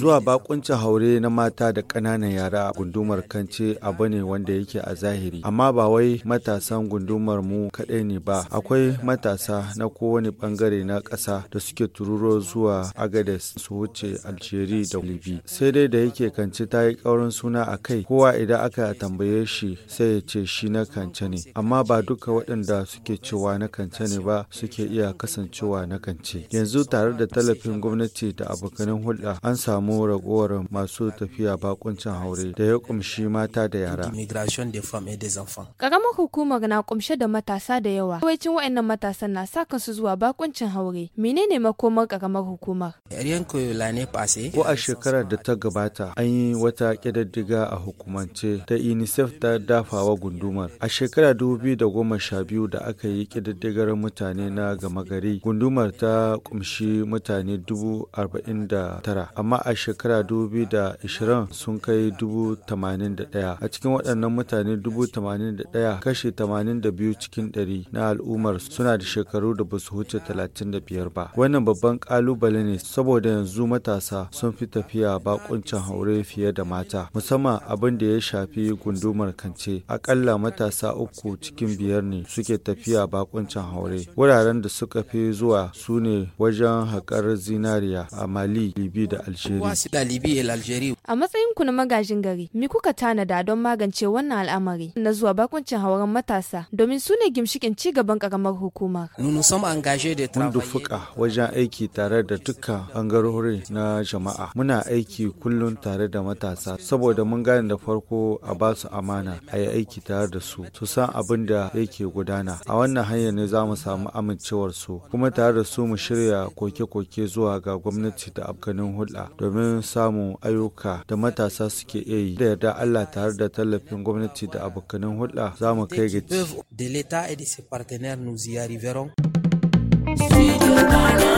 Zuwa bakuncin haure na mata da ƙananan yara gundumar kance abu ne wanda yake a zahiri, amma ba wai matasan gundumar mu kaɗai ne ba. Akwai matasa na kowane ɓangare na ƙasa da suke tururo zuwa Agades su wuce Algeria da Libi. Sai dai da yake kance ta yi ƙaurin suna a kai, kowa idan aka tambaye shi sai ya ce shi na kance ne. Amma ba duka waɗanda suke cewa na kance ne ba suke iya kasancewa na kance. Yanzu tare da tallafin gwamnati da abokanan hulɗa an samu ragowar masu tafiya bakuncin haure da ya kumshi mata da yara. Karamar hukumar na kumshe da matasa da yawa. Yawancin waɗannan matasan na sa kansu zuwa bakuncin haure. Menene makomar karamar hukumar? Ko a shekarar da ta gabata an yi wata ƙididdiga a hukumance ta UNICEF ta dafawa gundumar. A shekarar biyu da aka yi ƙididdigar mutane na gama gari gundumar ta kumshi mutane dubu arba'in da tara amma a shekara 2020 sun kai 81,000 a cikin waɗannan mutane 81,000 kashi 82 cikin 100 na al'ummar suna da shekaru da ba su huce 35 ba wannan babban kalubale ne saboda yanzu matasa sun fi tafiya bakuncin haure fiye da mata musamman abin da ya shafi gundumar kance akalla matasa uku cikin biyar ne suke tafiya bakuncin haure wuraren da suka fi zuwa su ne wajen haƙar zinariya a mali dalibi da Algeria. A matsayin ku na magajin gari, me kuka tanada don magance wannan al'amari na zuwa bakuncin hauren matasa domin su ne gimshikin ci gaban karamar hukumar. Mun dufuka wajen aiki tare da dukkan bangarori na jama'a. Muna aiki kullum tare da matasa saboda mun gane da farko a ba su amana a yi aiki tare da su su san abin da yake gudana. A wannan hanyar ne za mu samu amincewar su kuma tare da su mu shirya koke-koke zuwa ga gwamnati da dukkanin hulɗa domin samun ayyuka da matasa suke iya yi da yarda Allah tare da tallafin gwamnati da abokanin hulɗa za mu kai gaci.